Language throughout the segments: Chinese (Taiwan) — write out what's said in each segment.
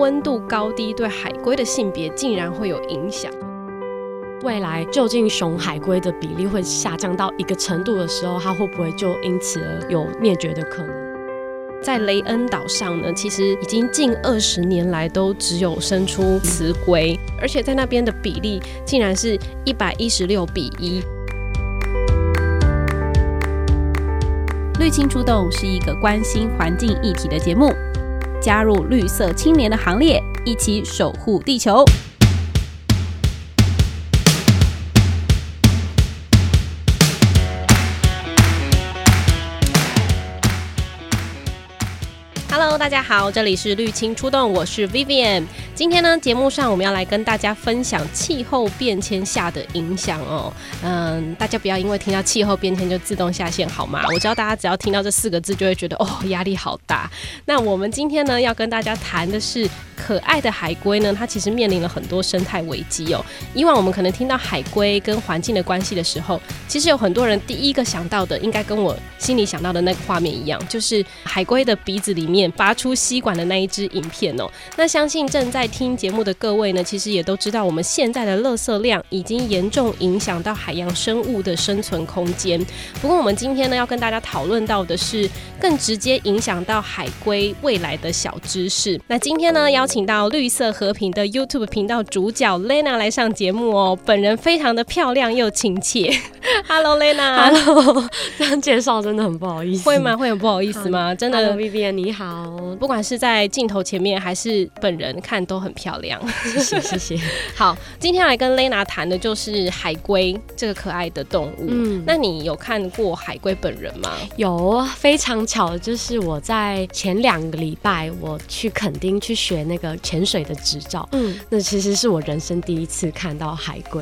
溫度高低對海龜的性別竟然會有影響。未來究竟雄海龜的比例會下降到一個程度的時候，它會不會就因此而有滅絕的可能？在雷恩島上呢，其實已經近二十年來都只有生出雌龜，而且在那邊的比例竟然是一百一十六比一。綠青出動是一個關心環境議題的節目。加入綠色青年的行列，一起守護地球。大家好，這裡是綠青出動，我是 Vivian。今天呢，節目上我們要來跟大家分享氣候變遷下的影響哦。嗯，大家不要因為聽到氣候變遷就自動下線好嗎？我知道大家只要聽到這四個字，就會覺得哦，壓力好大。那我們今天呢，要跟大家談的是可愛的海龜呢，它其實面臨了很多生態危機哦。以往我們可能聽到海龜跟環境的關係的時候，其實有很多人第一個想到的，應該跟我心裡想到的那個畫面一樣，就是海龜的鼻子裡面發拿出吸管的那一支影片哦、喔，那相信正在聽節目的各位呢，其實也都知道我們現在的垃圾量已經嚴重影響到海洋生物的生存空間。不過我們今天呢，要跟大家討論到的是更直接影響到海龜未來的小知識。那今天呢，邀請到綠色和平的 YouTube 頻道主角 Lena 來上節目哦、喔，本人非常的漂亮又親切。Hello Lena，Hello，這樣介紹真的很不好意思。會嗎？會很不好意思嗎？真的。Hello Vivian，你好。嗯，不管是在鏡頭前面還是本人看都很漂亮。謝謝謝謝。 好，今天來跟 Lena 談的就是海龜這個可愛的動物。嗯，那你有看過海龜本人嗎？有，非常巧，就是我在前兩個禮拜我去墾丁去學那個潛水的執照。嗯，那其實是我人生第一次看到海龜，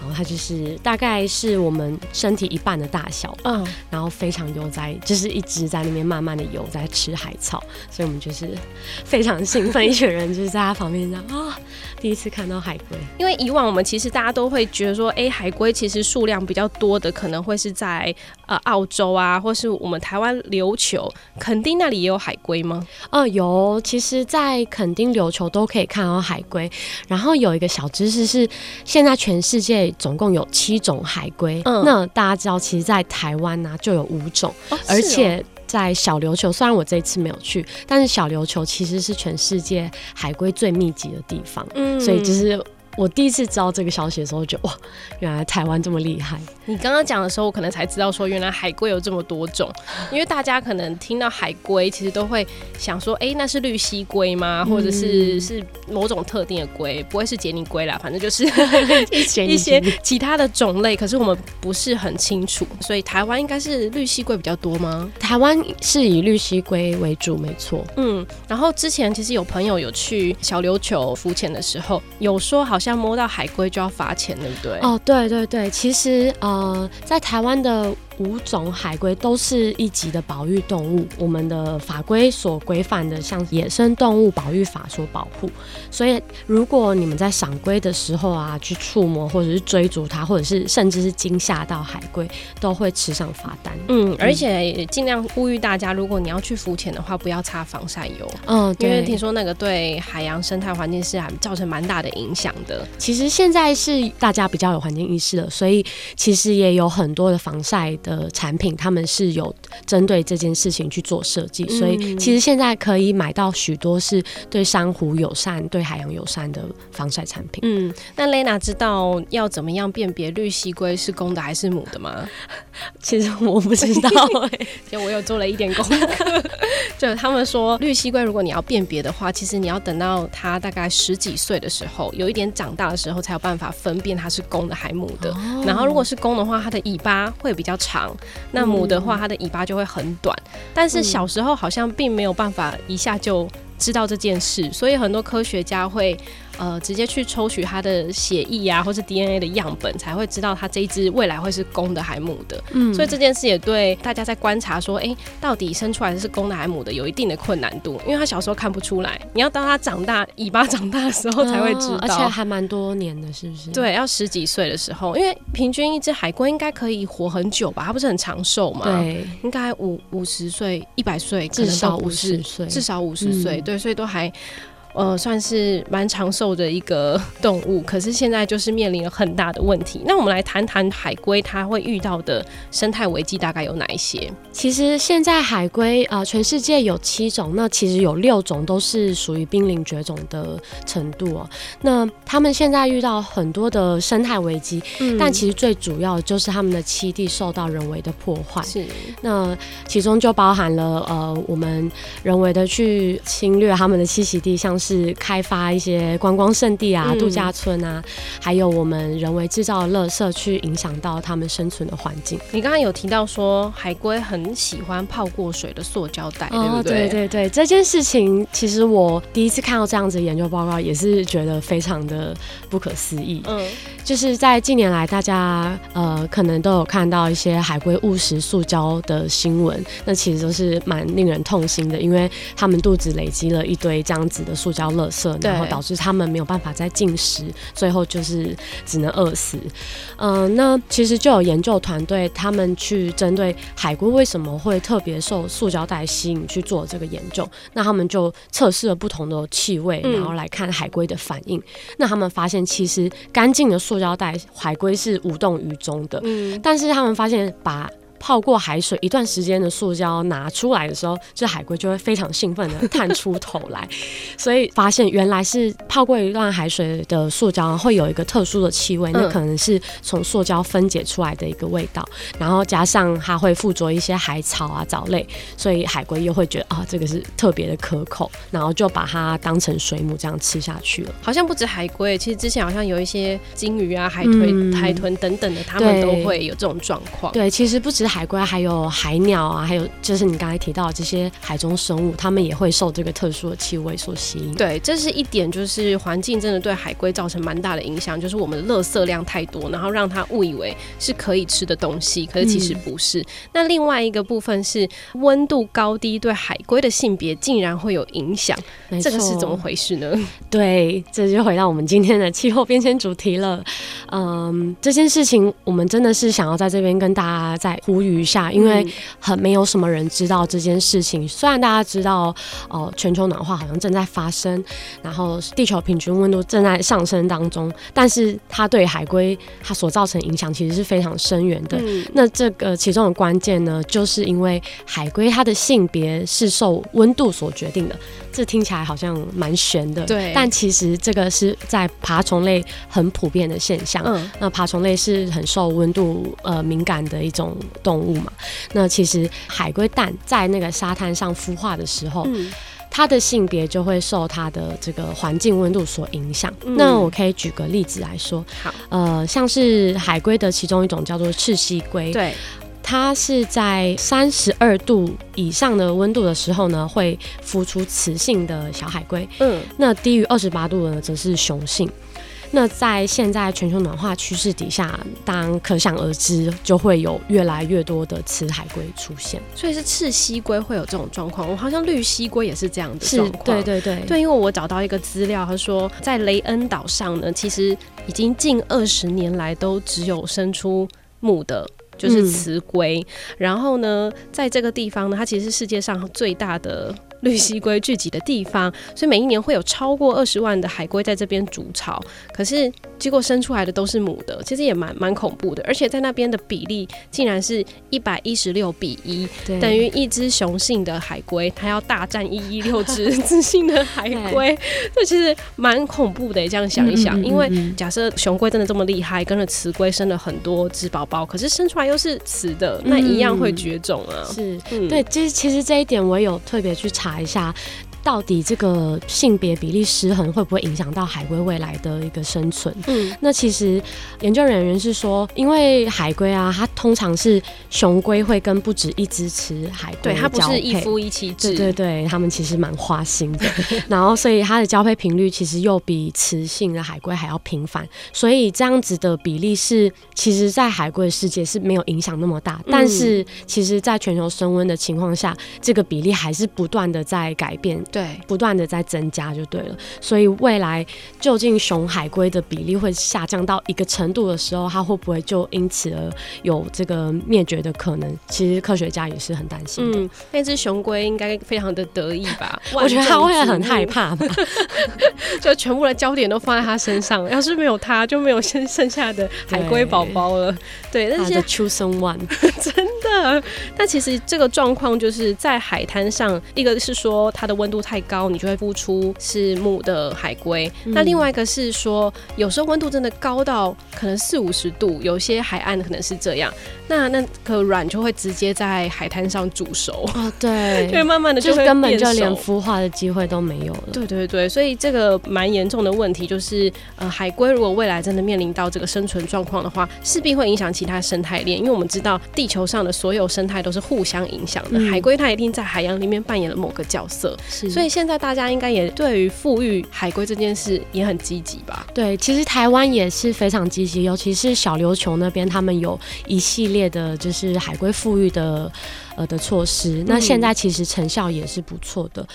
然後它就是大概是我們身體一半的大小，嗯，然後非常悠哉，就是一直在那邊慢慢的游，在吃海草。所以我們就是非常興奮，一群人就是在他旁邊，這樣啊、哦，第一次看到海龜。因為以往我們其實大家都會覺得說，哎、欸，海龜其實數量比較多的可能會是在呃澳洲啊，或是我們台灣琉球，墾丁那裡也有海龜嗎？哦、嗯呃，有，其實在墾丁、琉球都可以看到海龜。然後有一個小知識是，現在全世界總共有七種海龜，嗯，那大家知道其實在台灣呢、啊、就有五種，哦、而且、哦。在小琉球，雖然我這一次沒有去，但是小琉球其實是全世界海龜最密集的地方，嗯，所以就是。我第一次知道這個消息的時候，就哇，原來台灣這麼厲害！你剛剛講的時候，我可能才知道說，原來海龜有這麼多種， 因為大家可能聽到海龜，其實都會想說，哎、欸，那是綠蠵龜嗎？或者是、嗯、是某種特定的龜，不會是傑尼龜啦，反正就是一些其他的種類。可是我們不是很清楚，所以台灣應該是綠蠵龜比較多嗎？台灣是以綠蠵龜為主，沒錯。嗯，然後之前其實有朋友有去小琉球浮潛的時候，有說好像。像摸到海龜就要罰錢，對不對？哦，對對對，其實呃，在台灣的。五種海龜都是一級的保育動物，我們的法規所規範的，像野生動物保育法所保護。所以，如果你們在賞龜的時候啊，去觸摸或者是追逐它，或者是甚至是驚嚇到海龜，都會吃上罰單。嗯，而且也盡量呼籲大家，如果你要去浮潛的話，不要擦防曬油。嗯，因為聽說那個對海洋生態環境是還造成蠻大的影響的。其實現在是大家比較有環境意識了，所以其實也有很多的防曬。的產品，他們是有針對這件事情去做設計，嗯、所以其實現在可以買到許多是對珊瑚友善、對海洋友善的防曬產品。嗯，那 Lena 知道要怎麼樣辨別綠蠵龜是公的還是母的嗎？其實我不知道、欸，就 我有做了一點功課。 就他們說，綠蠵龜如果你要辨別的話，其實你要等到它大概十幾歲的時候，有一點長大的時候，才有辦法分辨它是公的還是母的。哦、然後如果是公的話，它的尾巴會比較長。長，那母的話，它的尾巴就會很短。嗯，但是小時候好像並沒有辦法一下就知道這件事，所以很多科學家會。呃，直接去抽取它的血液啊，或是 DNA 的樣本，才會知道它這一只未來會是公的還母的。嗯，所以這件事也對大家在觀察說，哎、欸，到底生出來的是公的還母的，有一定的困難度，因為它小時候看不出來。你要到它長大，尾巴長大的時候才會知道，哦、而且還蠻多年的是不是？對，要十幾歲的時候，因為平均一只海龜應該可以活很久吧？它不是很長壽嘛。對，應該五五十歲、一百歲至少五十歲，至少五十歲。嗯、對，所以都還。呃，算是蠻長壽的一個動物，可是現在就是面臨了很大的問題。那我們來談談海龜，它會遇到的生態危機大概有哪一些？其實現在海龜，呃，全世界有七種，那其實有六種都是屬於瀕臨絕種的程度哦、啊。那它們現在遇到很多的生態危機，嗯，但其實最主要的就是它們的棲地受到人為的破壞。是，那其中就包含了呃，我們人為的去侵略它們的棲息地，像是。是開發一些觀光勝地啊、度假村啊，嗯、還有我們人為製造的垃圾去影響到他們生存的環境。你剛剛有提到說海龜很喜歡泡過水的塑膠袋，對不對？對對對，這件事情其實我第一次看到這樣子的研究報告，也是覺得非常的不可思議。嗯，就是在近年來，大家呃可能都有看到一些海龜誤食塑膠的新聞，那其實都是蠻令人痛心的，因為他們肚子累積了一堆這樣子的塑比較垃圾，然後導致他們沒有辦法再進食，對最後就是只能餓死。嗯、呃，那其實就有研究團隊，他們去針對海龜為什麼會特別受塑膠袋吸引去做這個研究。那他們就測試了不同的氣味，然後來看海龜的反應。嗯、那他們發現，其實乾淨的塑膠袋海龜是無動於衷的。嗯，但是他們發現把泡過海水一段時間的塑膠拿出來的時候，這海龜就會非常興奮的探出頭來， 所以發現原來是泡過一段海水的塑膠會有一個特殊的氣味，嗯、那可能是從塑膠分解出來的一個味道，然後加上它會附着一些海草啊、藻類，所以海龜又會覺得啊，這個是特別的可口，然後就把它當成水母這樣吃下去了。好像不止海龜，其實之前好像有一些鯨魚啊、海豚、嗯、海豚等等的，它們對都會有這種狀況。對，其實不止。海龜還有海鳥啊，還有就是你剛才提到的這些海中生物，它們也會受這個特殊的氣味所吸引。對，這是一點，就是環境真的對海龜造成蠻大的影響，就是我們的垃圾量太多，然後讓它誤以為是可以吃的東西，可是其實不是。嗯、那另外一個部分是溫度高低對海龜的性別竟然會有影響，沒錯。這個是怎麼回事呢？對，這就回到我們今天的氣候變遷主題了。嗯，這件事情我們真的是想要在這邊跟大家在。無餘下，因為很沒有什麼人知道這件事情。雖然大家知道，哦、呃，全球暖化，好像正在發生，然後地球平均溫度正在上升當中，但是它對海龜它所造成影響其實是非常深遠的。嗯、那這個其中的關鍵呢，就是因為海龜它的性別是受溫度所決定的。這聽起來好像蠻玄的，對，但其實這個是在爬蟲類很普遍的現象。嗯、那爬蟲類是很受溫度呃敏感的一種。動物嘛，那其實海龜蛋在那個沙灘上孵化的時候，嗯、它的性別就會受它的這個環境溫度所影響。嗯、那我可以舉個例子來說，好呃，像是海龜的其中一種叫做赤蠵龜，對，它是在三十二度以上的溫度的時候呢，會孵出雌性的小海龜。嗯，那低於二十八度的呢則是雄性。那在現在全球暖化趨勢底下，當然可想而知，就會有越來越多的雌海龜出現，所以是赤蠵龜會有這種狀況。我好像綠蠵龜也是這樣的狀況。是，對對對，對，因為我找到一個資料，他說在雷恩島上呢，其實已經近二十年來都只有生出母的，就是雌龜。嗯、然後呢，在這個地方呢，它其實是世界上最大的。綠蠵龜聚集的地方，所以每一年會有超過二十萬的海龜在這邊築巢。可是結果生出來的都是母的，其實也蠻蠻恐怖的。而且在那邊的比例竟然是 1, 對一百一十六比一，等於一隻雄性的海龜，它要大戰一一六隻雌性的海龜，這 對其實蠻恐怖的、欸。這樣想一想，嗯嗯嗯嗯因為假設雄龜真的這麼厲害，跟着雌龜生了很多隻寶寶，可是生出來又是雌的，那一樣會絕種啊。嗯嗯是，嗯、對，其實其實這一點我有特別去查。打一下。到底這個性別比例失衡會不會影響到海龜未來的一個生存？嗯，那其實研究人員是說，因為海龜啊，它通常是雄龜會跟不止一隻雌海龜交配，對，它不是一夫一妻制，對對對，他們其實蠻花心的， 然後所以它的交配頻率其實又比雌性的海龜還要頻繁，所以這樣子的比例是，其實，在海龜的世界是沒有影響那麼大，嗯，但是其實在全球升溫的情況下，這個比例還是不斷的在改變。對，不斷的在增加就對了。所以未來究竟雄海龜的比例會下降到一個程度的時候，它會不會就因此而有這個滅絕的可能？其實科學家也是很擔心。嗯，那只雄龜應該非常的得意吧？ 我覺得它會很害怕， 就全部的焦點都放在它身上。 要是沒有它，就沒有剩剩下的海龜寶寶了。對，他的 chosen one， 真的。 那其實這個狀況就是在海灘上，一個是說它的溫度太高，你就會孵出是母的海龜；嗯、那另外一個是說，有時候溫度真的高到可能四五十度，有些海岸可能是這樣，那那個卵就會直接在海灘上煮熟啊，哦，對， 就慢慢的就會，就根本就連孵化的機會都沒有了。對對對，所以這個蠻嚴重的問題就是，呃，海龜如果未來真的面臨到這個生存狀況的話，勢必會影響其他生態鏈，因為我們知道地球上的。所有生態都是互相影響的，海龜它一定在海洋裡面扮演了某個角色，是所以現在大家應該也對於復育海龜這件事也很積極吧？對，其實台灣也是非常積極，尤其是小琉球那邊，他們有一系列的就是海龜復育的。呃的措施，那現在其實成效也是不錯的。嗯、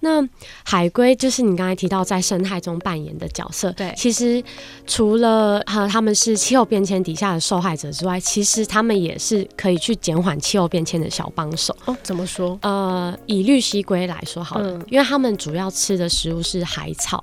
那海龜就是你剛才提到在生態中扮演的角色，對，其實除了哈、呃、他們是氣候變遷底下的受害者之外，其實他們也是可以去減緩氣候變遷的小幫手。哦，怎麼說？呃，以綠蠵龜來說好了，嗯、因為他們主要吃的食物是海草。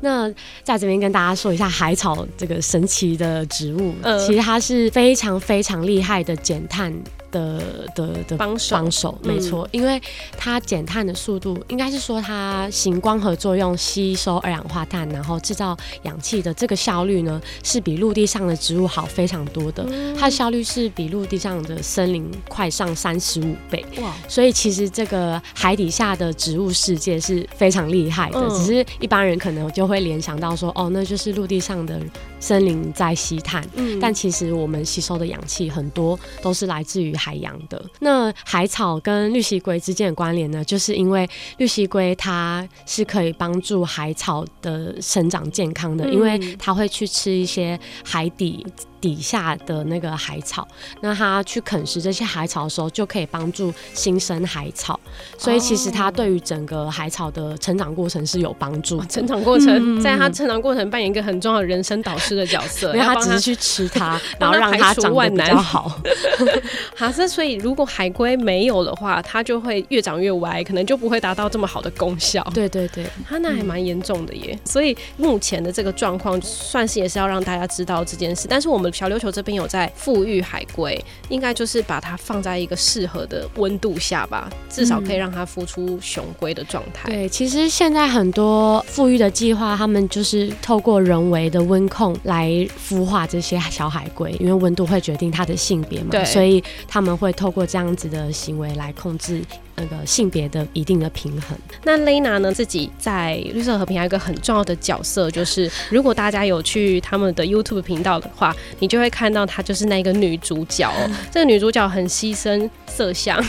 那在這邊跟大家說一下海草這個神奇的植物，呃、其實它是非常非常厲害的減碳的的的幫手，沒錯，因為它減碳的速度，應該是說它行光合作用，吸收二氧化碳，然後製造氧氣的這個效率呢，是比陸地上的植物好非常多的。嗯、它的效率是比陸地上的森林快上三十五倍。哇！所以其實這個海底下的植物世界是非常厲害的，嗯、只是一般人可能就會聯想到說，哦，那就是陸地上的森林在吸碳。嗯，但其實我們吸收的氧氣很多都是來自於。海洋的那海草跟綠蠵龜之間的關聯呢，就是因為綠蠵龜它是可以幫助海草的成長健康的，嗯、因為它會去吃一些海底底下的那個海草。那它去啃食這些海草的時候，就可以幫助新生海草。所以其實它對於整個海草的成長過程是有幫助、哦。成長過程，嗯、在它成長過程扮演一個很重要的人生導師的角色，因為它只是去吃它，然後讓它長得比較好。 啊，所以如果海龜沒有的話，它就會越長越歪，可能就不會達到這麼好的功效。對對對，嗯、它那還蠻嚴重的耶。所以目前的這個狀況，嗯、算是也是要讓大家知道這件事。但是我們小琉球這邊有在復育海龜，應該就是把它放在一個適合的溫度下吧，至少可以讓它孵出雄龜的狀態、嗯。對，其實現在很多復育的計劃，他們就是透過人為的溫控來孵化這些小海龜，因為溫度會決定它的性別嘛，對，所以它。他們會透過這樣子的行為來控制。那個性別的一定的平衡。那 Lena 呢，自己在綠色和平還有一個很重要的角色，就是如果大家有去他們的 YouTube 頻道的話，你就會看到她就是那個女主角。這個女主角很犧牲色相，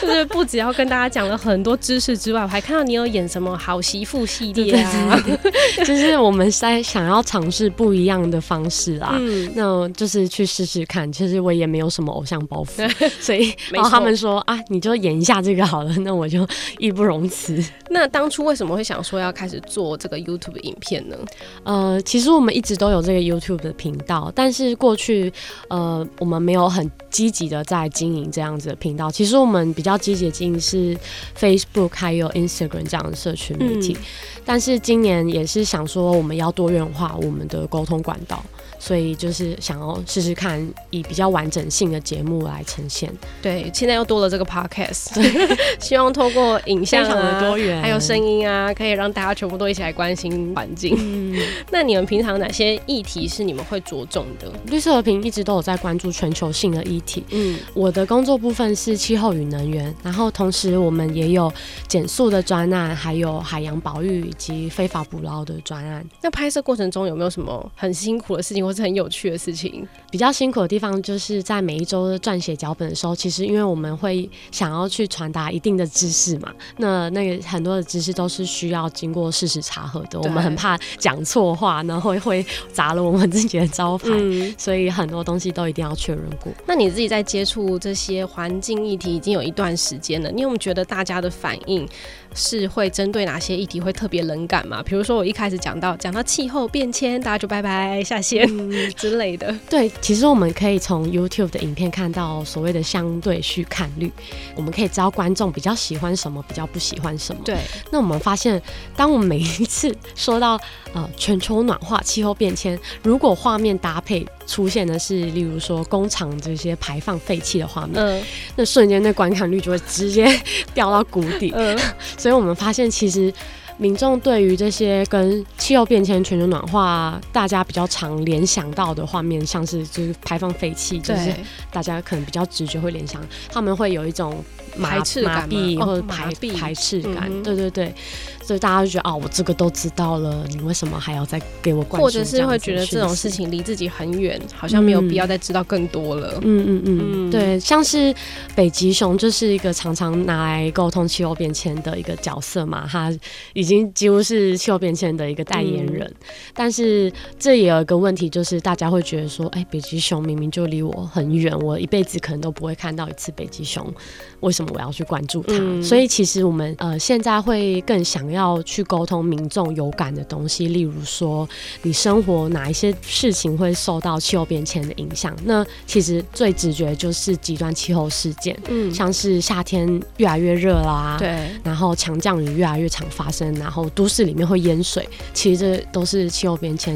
就是不只要跟大家講了很多知識之外，我還看到你有演什麼好媳婦系列啊，對對對，就是我們在想要嘗試不一樣的方式啊，嗯，那就是去試試看。其實就是我也沒有什麼偶像包袱，所以然後沒錯、哦、他們說啊，你就演一下這個。這個好了，那我就義不容辭。那當初為什麼會想說要開始做這個 YouTube 影片呢？呃，其實我們一直都有這個 YouTube 的頻道，但是過去呃我們沒有很積極的在經營這樣子的頻道。其實我們比較積極的經營是 Facebook 還有 Instagram 這樣的社群媒體，嗯。但是今年也是想說我們要多元化我們的溝通管道。所以就是想要試試看，以比較完整性的節目來呈現。對，現在又多了這個 podcast，對希望透過影像啊，的多元還有聲音啊，可以讓大家全部都一起來關心環境。嗯， 那你們平常哪些議題是你們會着重的？綠色和平一直都有在關注全球性的議題。嗯，我的工作部分是氣候與能源，然後同時我們也有減塑的專案，還有海洋保育以及非法捕撈的專案。那拍攝過程中有沒有什麼很辛苦的事情？是很有趣的事情，比較辛苦的地方就是在每一周撰寫腳本的時候，其實因為我們會想要去傳達一定的知識嘛，那那個很多的知識都是需要經過事實查核的，對我們很怕講錯話，然後會會砸了我們自己的招牌，嗯、所以很多東西都一定要確認過。那你自己在接觸這些環境議題已經有一段時間了，你有沒有覺得大家的反應是會針對哪些議題會特別冷感嘛？比如說我一開始講到講到氣候變遷，大家就拜拜下線。之類的，對，其實我們可以從 YouTube 的影片看到所謂的相對續看率，我們可以知道觀眾比較喜歡什麼，比較不喜歡什麼。對，那我們發現，當我們每一次說到呃全球暖化、氣候變遷，如果畫面搭配出現的是例如說工廠這些排放廢氣的畫面，呃、那瞬間那觀看率就會直接掉到谷底。呃、 所以我們發現，其實。民眾對於這些跟氣候變遷、全球暖化，大家比較常聯想到的畫面，像是就是排放廢氣，就是大家可能比較直覺會聯想，他們會有一種。排斥感嘛，或排、哦、排斥感，嗯、哼對對對，所以大家就覺得啊，我這個都知道了，你為什麼還要再給我關？或者是會覺得這種事情離自己很遠，嗯、好像沒有必要再知道更多了。嗯嗯嗯，嗯嗯嗯對，像是北極熊就是一個常常拿來溝通氣候變遷的一個角色嘛，他已經幾乎是氣候變遷的一個代言人。嗯、但是這也有一個問題，就是大家會覺得說，哎、欸，北極熊明明就離我很遠，我一輩子可能都不會看到一次北極熊，為什麼？我要去關注它，嗯，所以其實我們呃現在會更想要去溝通民眾有感的東西，例如說你生活哪一些事情會受到氣候變遷的影響？那其實最直覺就是極端氣候事件，嗯，像是夏天越來越熱啦，對，然後強降雨越來越常發生，然後都市裡面會淹水，其實這都是氣候變遷。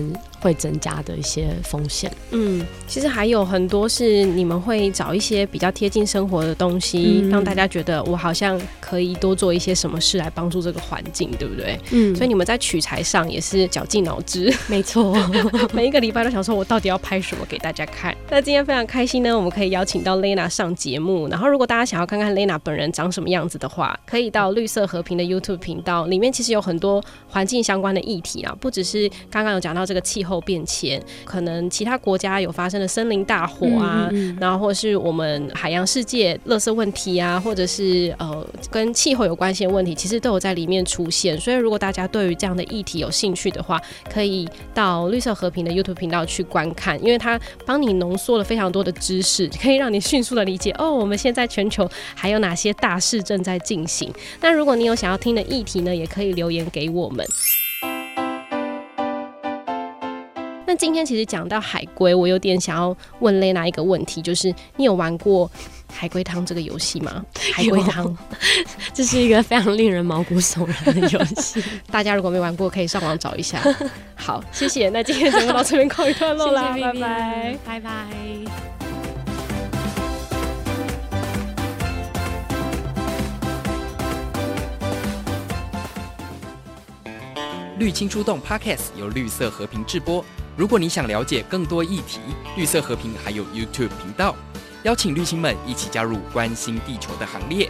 會增加的一些風險。嗯，其實還有很多是你們會找一些比較貼近生活的東西，嗯、讓大家覺得我好像可以多做一些什麼事來幫助這個環境，對不對？嗯，所以你們在取材上也是絞盡腦汁。沒錯， 每一個禮拜都想說，我到底要拍什麼給大家看。 那今天非常開心呢，我們可以邀請到 Lena 上節目。然後，如果大家想要看看 Lena 本人長什麼樣子的話，可以到綠色和平的 YouTube 頻道，裡面其實有很多環境相關的議題啊，不只是剛剛有講到這個氣候。變遷，可能其他國家有發生的森林大火啊，嗯嗯嗯然後或是我們海洋世界垃圾問題啊，或者是呃跟氣候有關係的問題，其實都有在裡面出現。所以如果大家對於這樣的議題有興趣的話，可以到綠色和平的 YouTube 頻道去觀看，因為它幫你濃縮了非常多的知識，可以讓你迅速的理解。哦，我們現在全球還有哪些大事正在進行？那如果你有想要聽的議題呢，也可以留言給我們。那今天其實講到海龜，我有點想要問 Lena 一個問題，就是你有玩過《海龜湯》這個遊戲嗎？海龜湯，這是一個非常令人毛骨悚然的遊戲。 大家如果沒玩過，可以上網找一下。好，謝謝。那今天節目到這邊告一段落了，拜拜拜拜拜拜。綠青出動 Podcast 由綠色和平製播。如果你想了解更多議題，綠色和平還有 YouTube 頻道，邀請綠星們一起加入關心地球的行列。